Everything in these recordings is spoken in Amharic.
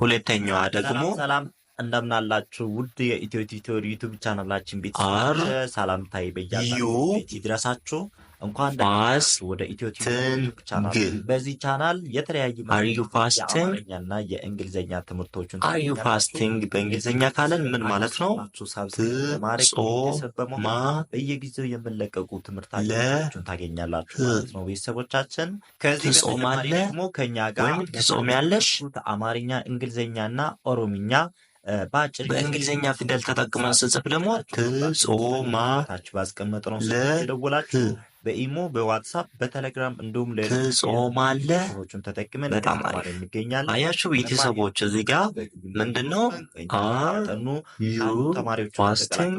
ሁለተኛዋ ደግሞ ሰላም እንደምናላችሁ ውድ የኢትዮ ቲቶሪ ዩቱብ ቻናላችን ቤት ሰላምታይ በያዩ ይድረሳችሁ። እንኳን ዳስ ወደ ኢትዮ በዚህ ቻናል የተለያዩ አርዩ ፋስቲንግ እና የእንግሊዝኛ ትምህርቶችን አርዩ ፋስቲንግ በእንግሊዝኛ ካለን ምን ማለት ነው? ማ በየጊዜው የምንለቀቁ ትምህርታችን ታገኛላችሁ ማለት ነው። ቤተሰቦቻችን ከዚህ ጾማለ ከኛ ጋር ጾም ያለሽ አማርኛ፣ እንግሊዝኛ እና ኦሮምኛ በአጭር በእንግሊዝኛ ፊደል ተጠቅመን ስጽፍ ደግሞ ትጾማ ታች ባስቀመጥ ነው ደወላችሁ በኢሞ በዋትሳፕ በቴሌግራም እንዲሁም ትጾማለህ? ተጠቅመን በጣም አሪፍ እንገኛለን። አያችሁ ቤተሰቦች፣ እዚህ ጋር ምንድን ነው ጠኑ ፋስቲንግ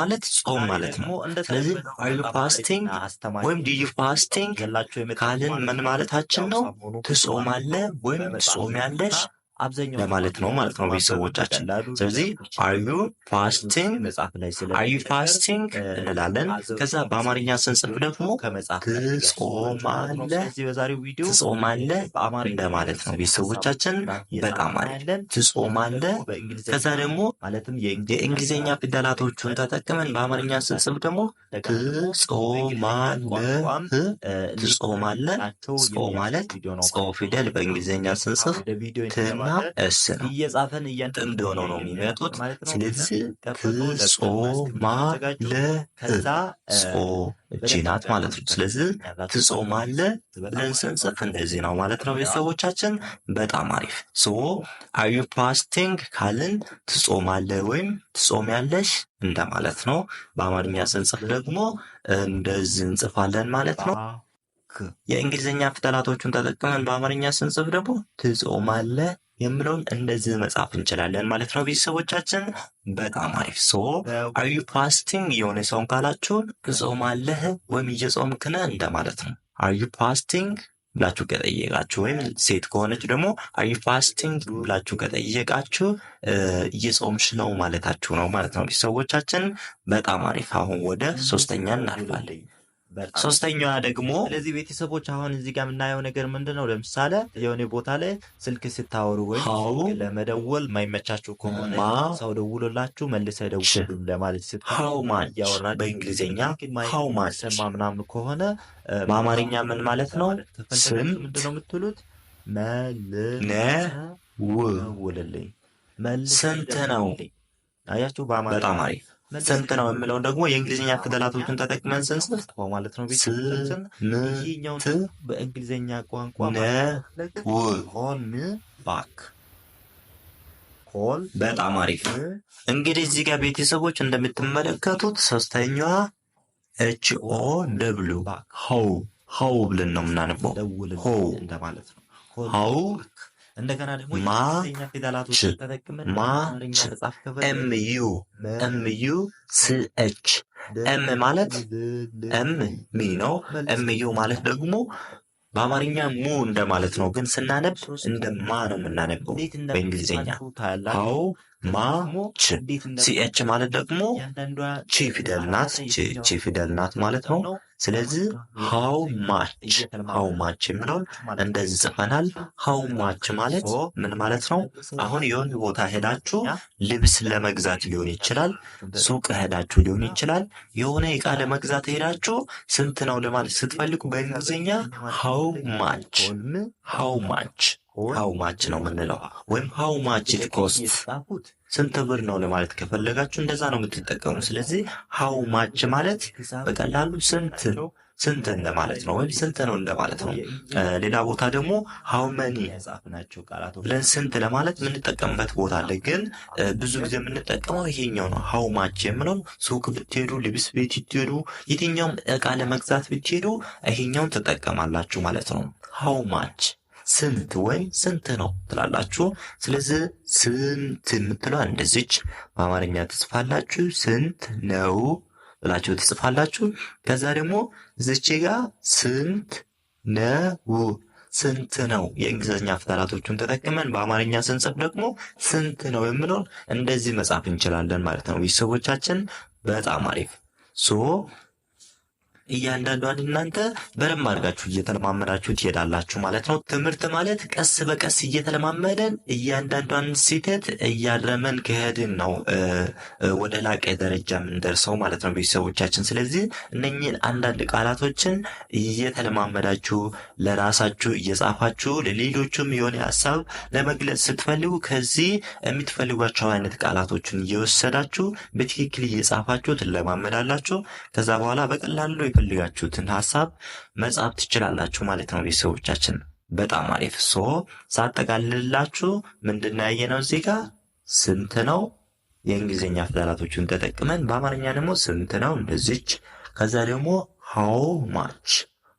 ማለት ጾም ማለት ነው። ስለዚህ አር ፋስቲንግ ወይም ዲዩ ፋስቲንግ ካልን ምን ማለታችን ነው? ትጾማለህ ወይም ያለሽ አብዛኛው ለማለት ነው ማለት ነው ቤተሰቦቻችን። ስለዚህ አር ዩ ፋስቲንግ መጽሐፍ ላይ ስለ አር ዩ ፋስቲንግ እንላለን። ከዛ በአማርኛ ስንጽፍ ደግሞ ትጾማለህ፣ ትጾማለህ ለማለት ነው ቤተሰቦቻችን። በጣም አለ ትጾማለህ። ከዛ ደግሞ የእንግሊዝኛ ፊደላቶቹን ተጠቅመን በአማርኛ ስንጽፍ ደግሞ ትጾማለህ፣ ትጾማለህ ጾ ማለት ጾ ፊደል በእንግሊዝኛ ስንጽፍ እስር እንደሆነው ነው የሚመጡት። ስለዚህ ትጾማ ለእጾ ናት ማለት ነው። ስለዚህ ትጾማ ብለን ስንጽፍ እንደዚህ ነው ማለት ነው። ቤተሰቦቻችን በጣም አሪፍ ሶ አዩ ፓስቲንግ ካልን ትጾም ወይም ትጾም ያለሽ እንደማለት ነው። በአማርኛ ስንጽፍ ደግሞ እንደዚህ እንጽፋለን ማለት ነው። የእንግሊዝኛ ፊደላቶቹን ተጠቅመን በአማርኛ ስንጽፍ ደግሞ ትጾማለህ የምለውን እንደዚህ መጻፍ እንችላለን ማለት ነው። ቤተሰቦቻችን በጣም አሪፍ ሶ አዩ ፋስቲንግ የሆነ ሰውን ካላችሁን እጾም አለህ ወይም እየጾምክ እንደማለት ነው። አዩ ፋስቲንግ ብላችሁ ከጠየቃችሁ ወይም ሴት ከሆነች ደግሞ አዩ ፋስቲንግ ብላችሁ ከጠየቃችሁ እየጾምሽ ነው ማለታችሁ ነው ማለት ነው። ቤተሰቦቻችን በጣም አሪፍ። አሁን ወደ ሶስተኛ እናልፋለን። ሶስተኛዋ ደግሞ ስለዚህ ቤተሰቦች አሁን እዚህ ጋር የምናየው ነገር ምንድን ነው? ለምሳሌ የሆነ ቦታ ላይ ስልክ ስታወሩ ወይ ለመደወል የማይመቻችሁ ከሆነ ሰው ደውሎላችሁ መልሰ ደውሉ ለማለት ስያወራ በእንግሊዝኛ ሰማ ምናምን ከሆነ በአማርኛ ምን ማለት ነው? ስም ምንድን ነው የምትሉት? መልሰ መልሰንተ ስንት ነው? አያችሁ አሪፍ ስንት ነው የምለውን ደግሞ የእንግሊዝኛ ፊደላቶችን ተጠቅመን ስንጽፍ ማለት ነው። ይሄኛው በእንግሊዝኛ ቋንቋ ሆን ባክ ሆል። በጣም አሪፍ እንግዲህ እዚህ ጋር ቤተሰቦች እንደምትመለከቱት ሶስተኛ ኤች ኦ ደብሉ ሀው ሀው ብለን ነው የምናነበው። ሆው እንደማለት ሀው እንደገና ደግሞ ፊደላቶች ተጠቅመን ማች ዩ ኤምዩ ስኤች ኤም ማለት ኤም ሚ ነው። ኤምዩ ማለት ደግሞ በአማርኛ ሙ እንደማለት ነው፣ ግን ስናነብ እንደ ማ ነው የምናነበው በእንግሊዝኛ አዎ ማች ሲኤች ማለት ደግሞ ቺ ፊደል ናት። ቺ ፊደል ናት ማለት ነው። ስለዚህ ሃው ማች ሃው ማች የሚለውን እንደዚህ ጽፈናል። ሃው ማች ማለት ምን ማለት ነው? አሁን የሆነ ቦታ ሄዳችሁ ልብስ ለመግዛት ሊሆን ይችላል፣ ሱቅ ሄዳችሁ ሊሆን ይችላል። የሆነ እቃ ለመግዛት ሄዳችሁ ስንት ነው ለማለት ስትፈልጉ በእንግሊዝኛ ሃው ማች ሃው ማች ሀው ማች ነው የምንለው ወይም ሀው ማች ኢት ኮስት ስንት ብር ነው ለማለት ከፈለጋችሁ እንደዛ ነው የምትጠቀሙ። ስለዚህ ሀው ማች ማለት በቀላሉ ስንት ስንት እንደማለት ነው ወይም ስንት ነው እንደማለት ነው። ሌላ ቦታ ደግሞ ሀው መኒ ብለን ስንት ለማለት የምንጠቀምበት ቦታ አለ። ግን ብዙ ጊዜ የምንጠቀመው ይሄኛው ነው፣ ሀው ማች የምለው ሱቅ ብትሄዱ፣ ልብስ ቤት ብትሄዱ፣ የትኛውም እቃ ለመግዛት ብትሄዱ ይሄኛውን ትጠቀማላችሁ ማለት ነው ሀው ማች ስንት ወይ ስንት ነው ትላላችሁ። ስለዚህ ስንት የምትለው እንደዚች በአማርኛ ትጽፋላችሁ። ስንት ነው ብላችሁ ትጽፋላችሁ። ከዛ ደግሞ እዚች ጋር ስንት ነው ስንት ነው የእንግሊዝኛ ፊደላቶቹን ተጠቅመን በአማርኛ ስንጽፍ ደግሞ ስንት ነው የምለውን እንደዚህ መጻፍ እንችላለን ማለት ነው። ቤተሰቦቻችን በጣም አሪፍ ሶ እያንዳንዷን እናንተ በደንብ አድርጋችሁ እየተለማመዳችሁ ትሄዳላችሁ ማለት ነው። ትምህርት ማለት ቀስ በቀስ እየተለማመደን እያንዳንዷን ስህተት እያረመን ከሄድን ነው ወደ ላቀ ደረጃ የምንደርሰው ማለት ነው ቤተሰቦቻችን። ስለዚህ እነኝህን አንዳንድ ቃላቶችን እየተለማመዳችሁ ለራሳችሁ እየጻፋችሁ ለሌሎቹም የሆነ ሀሳብ ለመግለጽ ስትፈልጉ ከዚህ የምትፈልጓቸው አይነት ቃላቶችን እየወሰዳችሁ በትክክል እየጻፋችሁ ትለማመዳላችሁ። ከዛ በኋላ በቀላሉ የፈለጋችሁትን ሀሳብ መጻፍ ትችላላችሁ ማለት ነው ቤተሰቦቻችን። በጣም አሪፍ ሶ ሳጠቃልላችሁ ምንድን ነው እዚህ ጋር ስንት ነው የእንግሊዝኛ ፊደላቶቹን ተጠቅመን በአማርኛ ደግሞ ስንት ነው እንደዚች፣ ከዛ ደግሞ ሃው ማች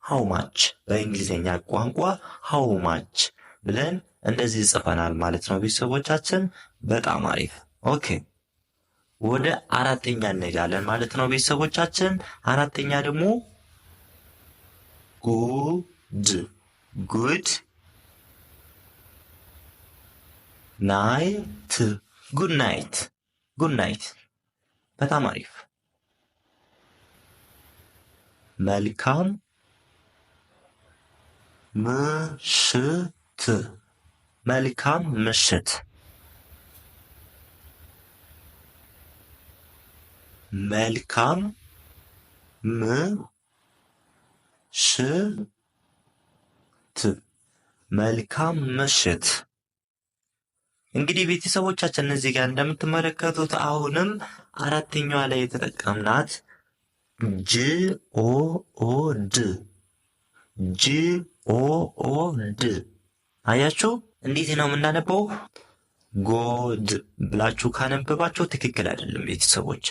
ሃው ማች በእንግሊዝኛ ቋንቋ ሃው ማች ብለን እንደዚህ ጽፈናል ማለት ነው ቤተሰቦቻችን። በጣም አሪፍ ኦኬ። ወደ አራተኛ እንሄዳለን ማለት ነው ቤተሰቦቻችን። አራተኛ ደግሞ ጉድ ጉድ ናይት ጉድ ናይት ጉድ ናይት። በጣም አሪፍ። መልካም ምሽት መልካም ምሽት መልካም ምሽት መልካም ምሽት። እንግዲህ ቤተሰቦቻችን እነዚህ ጋር እንደምትመለከቱት አሁንም አራተኛዋ ላይ የተጠቀምናት ጂኦኦድ ጂኦኦድ አያችሁ እንዴት ነው የምናነበው? ጎድ ብላችሁ ካነበባቸው ትክክል አይደለም። ቤተሰቦች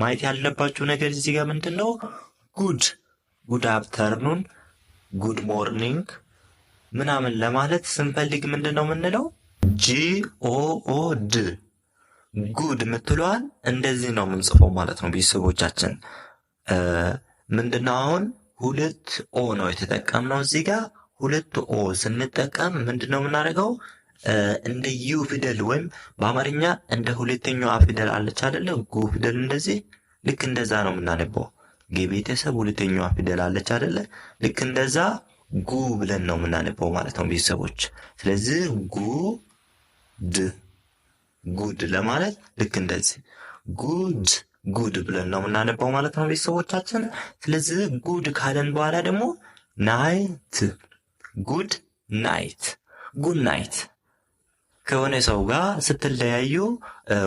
ማየት ያለባችሁ ነገር እዚህ ጋር ምንድን ነው? ጉድ ጉድ አፍተርኑን፣ ጉድ ሞርኒንግ ምናምን ለማለት ስንፈልግ ምንድን ነው የምንለው? ጂኦኦድ ጉድ የምትለዋል እንደዚህ ነው የምንጽፈው ማለት ነው። ቤተሰቦቻችን ምንድን ነው አሁን ሁለት ኦ ነው የተጠቀምነው እዚህ ጋር ሁለት ኦ ስንጠቀም ምንድን ነው የምናደርገው? እንደ ዩ ፊደል ወይም በአማርኛ እንደ ሁለተኛዋ ፊደል አለች አደለ? ጉ ፊደል እንደዚህ ልክ እንደዛ ነው የምናነበው። ግ ቤተሰብ ሁለተኛዋ ፊደል አለች አደለ? ልክ እንደዛ ጉ ብለን ነው የምናነበው ማለት ነው ቤተሰቦች። ስለዚህ ጉ ድ ጉድ ለማለት ልክ እንደዚህ ጉድ ጉድ ብለን ነው የምናነበው ማለት ነው ቤተሰቦቻችን። ስለዚህ ጉድ ካለን በኋላ ደግሞ ናይት ጉድ ናይት ጉድ ናይት ከሆነ ሰው ጋር ስትለያዩ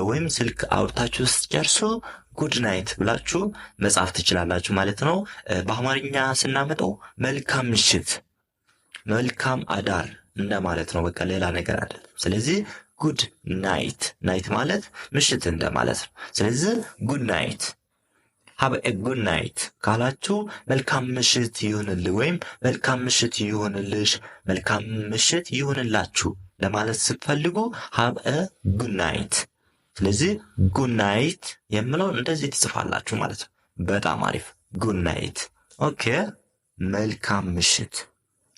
ወይም ስልክ አውርታችሁ ስትጨርሱ ጉድ ናይት ብላችሁ መጻፍ ትችላላችሁ ማለት ነው። በአማርኛ ስናመጣው መልካም ምሽት፣ መልካም አዳር እንደማለት ነው። በቃ ሌላ ነገር አይደለም። ስለዚህ ጉድ ናይት፣ ናይት ማለት ምሽት እንደማለት ነው። ስለዚህ ጉድ ናይት ሀብ ጉድ ናይት ካላችሁ መልካም ምሽት ይሁንልህ ወይም መልካም ምሽት ይሁንልሽ፣ መልካም ምሽት ይሁንላችሁ ለማለት ስትፈልጉ ሀብ አ ስለዚህ ጉናይት የምለው እንደዚህ ትጽፋላችሁ ማለት ነው። በጣም አሪፍ ጉናይት ኦኬ መልካም ምሽት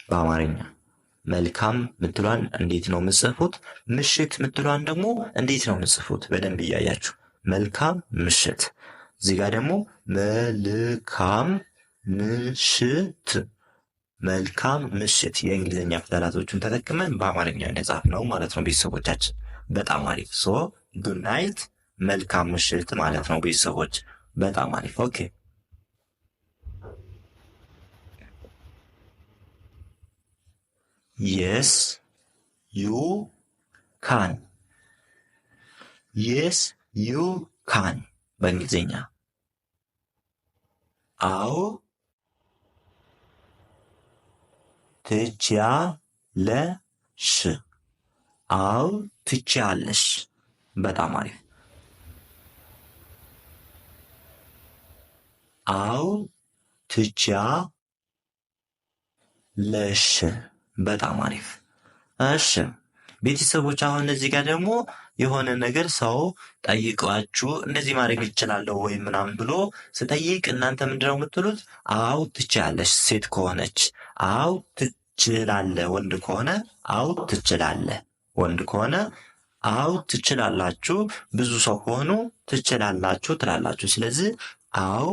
በአማርኛ መልካም ምትሏን እንዴት ነው የምጽፉት? ምሽት ምትሏን ደግሞ እንዴት ነው የምጽፉት? በደንብ እያያችሁ መልካም ምሽት። እዚህ ጋር ደግሞ መልካም ምሽት መልካም ምሽት የእንግሊዝኛ ፊደላቶቹን ተጠቅመን በአማርኛ ነጻፍ ነው ማለት ነው ቤተሰቦቻችን። በጣም አሪፍ ሶ ጉድ ናይት መልካም ምሽት ማለት ነው ቤተሰቦች። በጣም አሪፍ ኦኬ። የስ ዩ ካን የስ ዩ ካን በእንግሊዝኛ አዎ ትችያለሽ። አው ትችያለሽ። በጣም አሪፍ። አዎ ትችያለሽ። በጣም አሪፍ። እሺ ቤተሰቦች አሁን እዚህ ጋር ደግሞ የሆነ ነገር ሰው ጠይቋችሁ እንደዚህ ማድረግ ይችላለሁ ወይም ምናምን ብሎ ስጠይቅ እናንተ ምንድነው የምትሉት? አው ትችያለሽ። ሴት ከሆነች አው ትችላለህ። ወንድ ከሆነ አው ትችላለህ። ወንድ ከሆነ አው ትችላላችሁ። ብዙ ሰው ከሆኑ ትችላላችሁ ትላላችሁ። ስለዚህ አው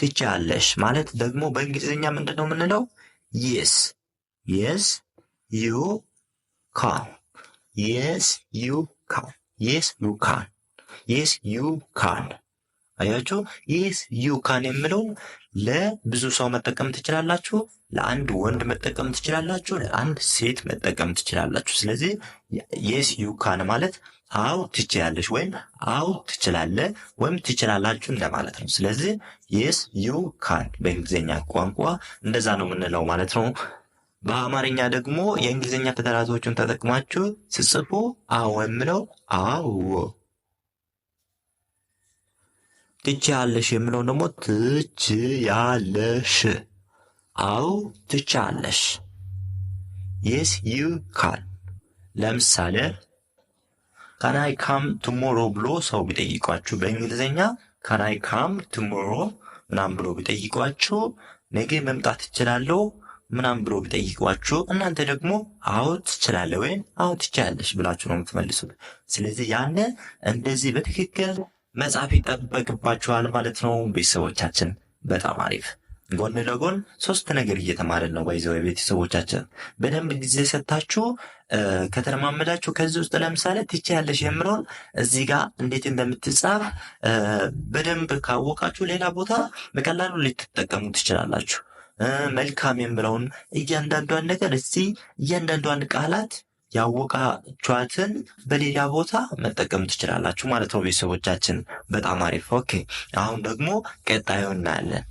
ትችያለሽ ማለት ደግሞ በእንግሊዝኛ ምንድን ነው የምንለው? የስ የስ ዩ ካን የስ ዩ ካን የስ ዩ ካን የስ ዩ ካን አያችሁ፣ ይህ ዩካን የምለውን የምለው ለብዙ ሰው መጠቀም ትችላላችሁ፣ ለአንድ ወንድ መጠቀም ትችላላችሁ፣ ለአንድ ሴት መጠቀም ትችላላችሁ። ስለዚህ የስ ዩካን ማለት አው ትችላለች ወይም አው ትችላለ ወይም ትችላላችሁ እንደማለት ነው። ስለዚህ የስ ዩካን በእንግሊዝኛ ቋንቋ እንደዛ ነው የምንለው ማለት ነው። በአማርኛ ደግሞ የእንግሊዝኛ ፊደላቶቹን ተጠቅማችሁ ስጽፉ አዎ የምለው አዎ ትችያለሽ የምለውን ደግሞ ትችያለሽ። አዎ ትችያለሽ። የስ ዩ ካን። ለምሳሌ ካናይ ካም ቱሞሮ ብሎ ሰው ቢጠይቋችሁ በእንግሊዝኛ ካናይ ካም ቱሞሮ ምናም ብሎ ቢጠይቋችሁ ነገ መምጣት ትችላለሁ ምናም ብሎ ቢጠይቋችሁ እናንተ ደግሞ አዎ ትችላለህ ወይም አዎ ትችያለሽ ብላችሁ ነው የምትመልሱት። ስለዚህ ያነ እንደዚህ በትክክል መጻፍ ይጠበቅባችኋል ማለት ነው። ቤተሰቦቻችን በጣም አሪፍ ጎን ለጎን ሶስት ነገር እየተማርን ነው። ባይዘው የቤተሰቦቻችን በደንብ ጊዜ ሰታችሁ ከተለማመዳችሁ ከዚህ ውስጥ ለምሳሌ ያለሽ የምለውን እዚህ ጋር እንዴት እንደምትጻፍ በደንብ ካወቃችሁ ሌላ ቦታ በቀላሉ ልትጠቀሙ ትችላላችሁ። መልካም የምለውን እያንዳንዷን ነገር እዚህ እያንዳንዷን ቃላት ያወቃችኋትን በሌላ ቦታ መጠቀም ትችላላችሁ ማለት ነው ቤተሰቦቻችን። በጣም አሪፍ። ኦኬ አሁን ደግሞ ቀጣዩ እናያለን።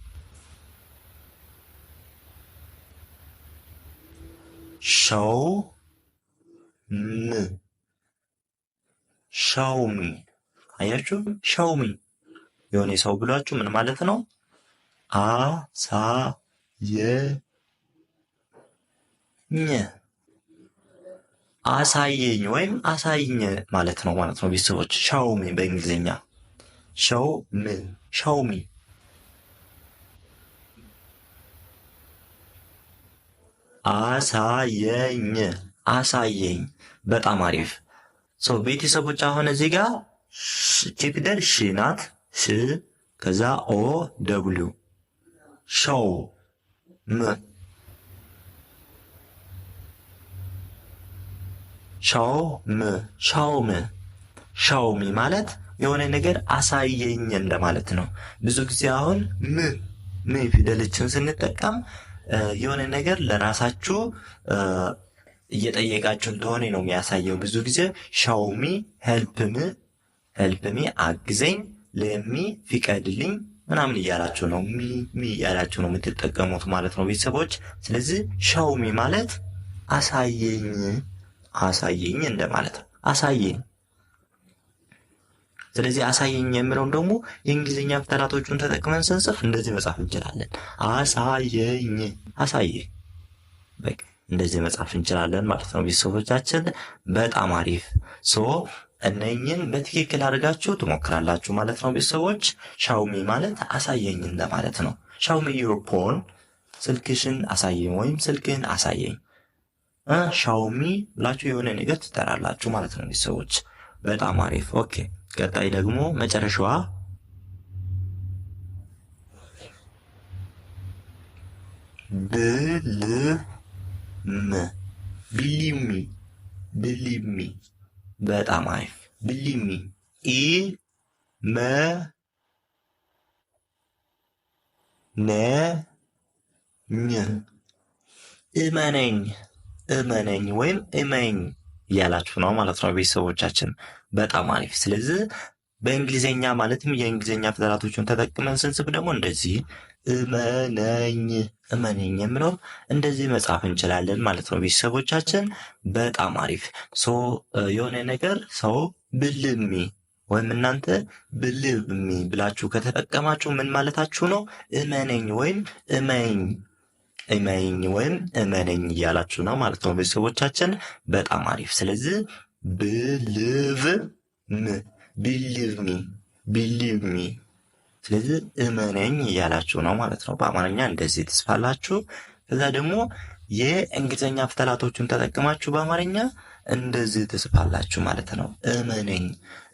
ሸው ም ሻውሚ አያችሁ፣ ሻውሚ የሆነ ሰው ብሏችሁ ምን ማለት ነው? አሳየኝ አሳየኝ ወይም አሳይኝ ማለት ነው ማለት ነው። ቤተሰቦች ሻውሚ በእንግሊዝኛ ሻው ምን ሻውሚ አሳየኝ አሳየኝ። በጣም አሪፍ ቤተሰቦች። አሁን እዚህ ጋር ፊደል ሺ ናት ሺ ከዛ ኦ ደብሊው ሻው ምን ሻውም ሻውም ሻውሚ ማለት የሆነ ነገር አሳየኝ እንደማለት ነው። ብዙ ጊዜ አሁን ም ም ፊደልችን ስንጠቀም የሆነ ነገር ለራሳችሁ እየጠየቃችሁ እንደሆነ ነው የሚያሳየው። ብዙ ጊዜ ሻውሚ ሄልፕም ሄልፕሚ አግዘኝ፣ ለሚ ፍቀድልኝ ምናምን እያላችሁ ነው ሚ ሚ እያላችሁ ነው የምትጠቀሙት ማለት ነው ቤተሰቦች። ስለዚህ ሻውሚ ማለት አሳየኝ አሳየኝ እንደማለት ነው። አሳየኝ። ስለዚህ አሳየኝ የሚለውን ደግሞ የእንግሊዝኛ ፊደላቶቹን ተጠቅመን ስንጽፍ እንደዚህ መጻፍ እንችላለን። አሳየኝ፣ አሳየ፣ በቃ እንደዚህ መጻፍ እንችላለን ማለት ነው። ቤተሰቦቻችን በጣም አሪፍ ሶ እነኝን በትክክል አድርጋችሁ ትሞክራላችሁ ማለት ነው። ቤተሰቦች ሻውሚ ማለት አሳየኝ እንደማለት ነው። ሻውሚ ዩር ፖን፣ ስልክሽን አሳየኝ ወይም ስልክህን አሳየኝ። ሻውሚ ብላችሁ የሆነ ነገር ትጠራላችሁ ማለት ነው። እነዚህ ሰዎች በጣም አሪፍ። ኦኬ ቀጣይ ደግሞ መጨረሻዋ ብልም ብሊሚ ብሊሚ በጣም አሪፍ ብሊሚ ኢ መ ነ ኝ እመነኝ እመነኝ ወይም እመኝ እያላችሁ ነው ማለት ነው ቤተሰቦቻችን። በጣም አሪፍ። ስለዚህ በእንግሊዝኛ ማለትም የእንግሊዝኛ ፊደላቶችን ተጠቅመን ስንስብ ደግሞ እንደዚህ እመነኝ እመነኝ የምለው እንደዚህ መጻፍ እንችላለን ማለት ነው ቤተሰቦቻችን። በጣም አሪፍ። ሶ የሆነ ነገር ሰው ብልሚ ወይም እናንተ ብልሚ ብላችሁ ከተጠቀማችሁ ምን ማለታችሁ ነው? እመነኝ ወይም እመኝ እመኝ ወይም እመነኝ እያላችሁ ነው ማለት ነው ቤተሰቦቻችን። በጣም አሪፍ። ስለዚህ ብልቭ ም ቢሊቭ ሚ ቢሊቭ ሚ። ስለዚህ እመነኝ እያላችሁ ነው ማለት ነው። በአማርኛ እንደዚህ ትጽፋላችሁ። ከዛ ደግሞ የእንግሊዝኛ ፊደላቶቹን ተጠቅማችሁ በአማርኛ እንደዚህ ትጽፋላችሁ ማለት ነው። እመነኝ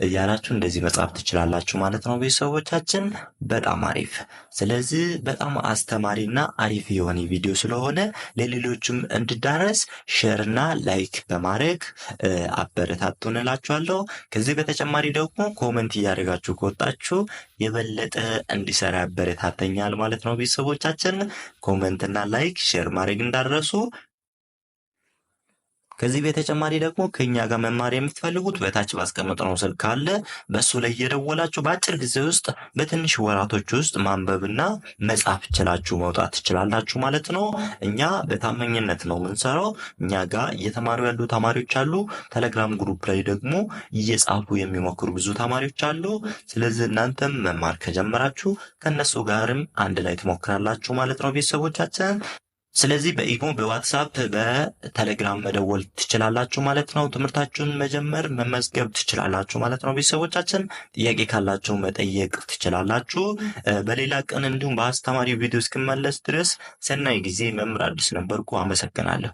እያላችሁ እንደዚህ መጻፍ ትችላላችሁ ማለት ነው። ቤተሰቦቻችን በጣም አሪፍ። ስለዚህ በጣም አስተማሪና አሪፍ የሆነ ቪዲዮ ስለሆነ ለሌሎችም እንድዳረስ ሼርና ላይክ በማድረግ አበረታቱን እላችኋለሁ። ከዚህ በተጨማሪ ደግሞ ኮመንት እያደረጋችሁ ከወጣችሁ የበለጠ እንዲሰራ ያበረታተኛል ማለት ነው። ቤተሰቦቻችን ኮመንትና ላይክ ሼር ማድረግ እንዳረሱ ከዚህ በተጨማሪ ደግሞ ከኛ ጋር መማር የምትፈልጉት በታች ባስቀመጥነው ስልክ ካለ በእሱ ላይ እየደወላችሁ በአጭር ጊዜ ውስጥ በትንሽ ወራቶች ውስጥ ማንበብና መጻፍ ችላችሁ መውጣት ትችላላችሁ ማለት ነው። እኛ በታማኝነት ነው የምንሰራው። እኛ ጋር እየተማሩ ያሉ ተማሪዎች አሉ። ቴሌግራም ግሩፕ ላይ ደግሞ እየጻፉ የሚሞክሩ ብዙ ተማሪዎች አሉ። ስለዚህ እናንተም መማር ከጀመራችሁ ከእነሱ ጋርም አንድ ላይ ትሞክራላችሁ ማለት ነው ቤተሰቦቻችን ስለዚህ በኢሞ በዋትሳፕ በቴሌግራም መደወል ትችላላችሁ ማለት ነው። ትምህርታችሁን መጀመር መመዝገብ ትችላላችሁ ማለት ነው። ቤተሰቦቻችን ጥያቄ ካላችሁ መጠየቅ ትችላላችሁ። በሌላ ቀን እንዲሁም በአስተማሪ ቪዲዮ እስክመለስ ድረስ ሰናይ ጊዜ። መምህር አዲስ ነበርኩ። አመሰግናለሁ።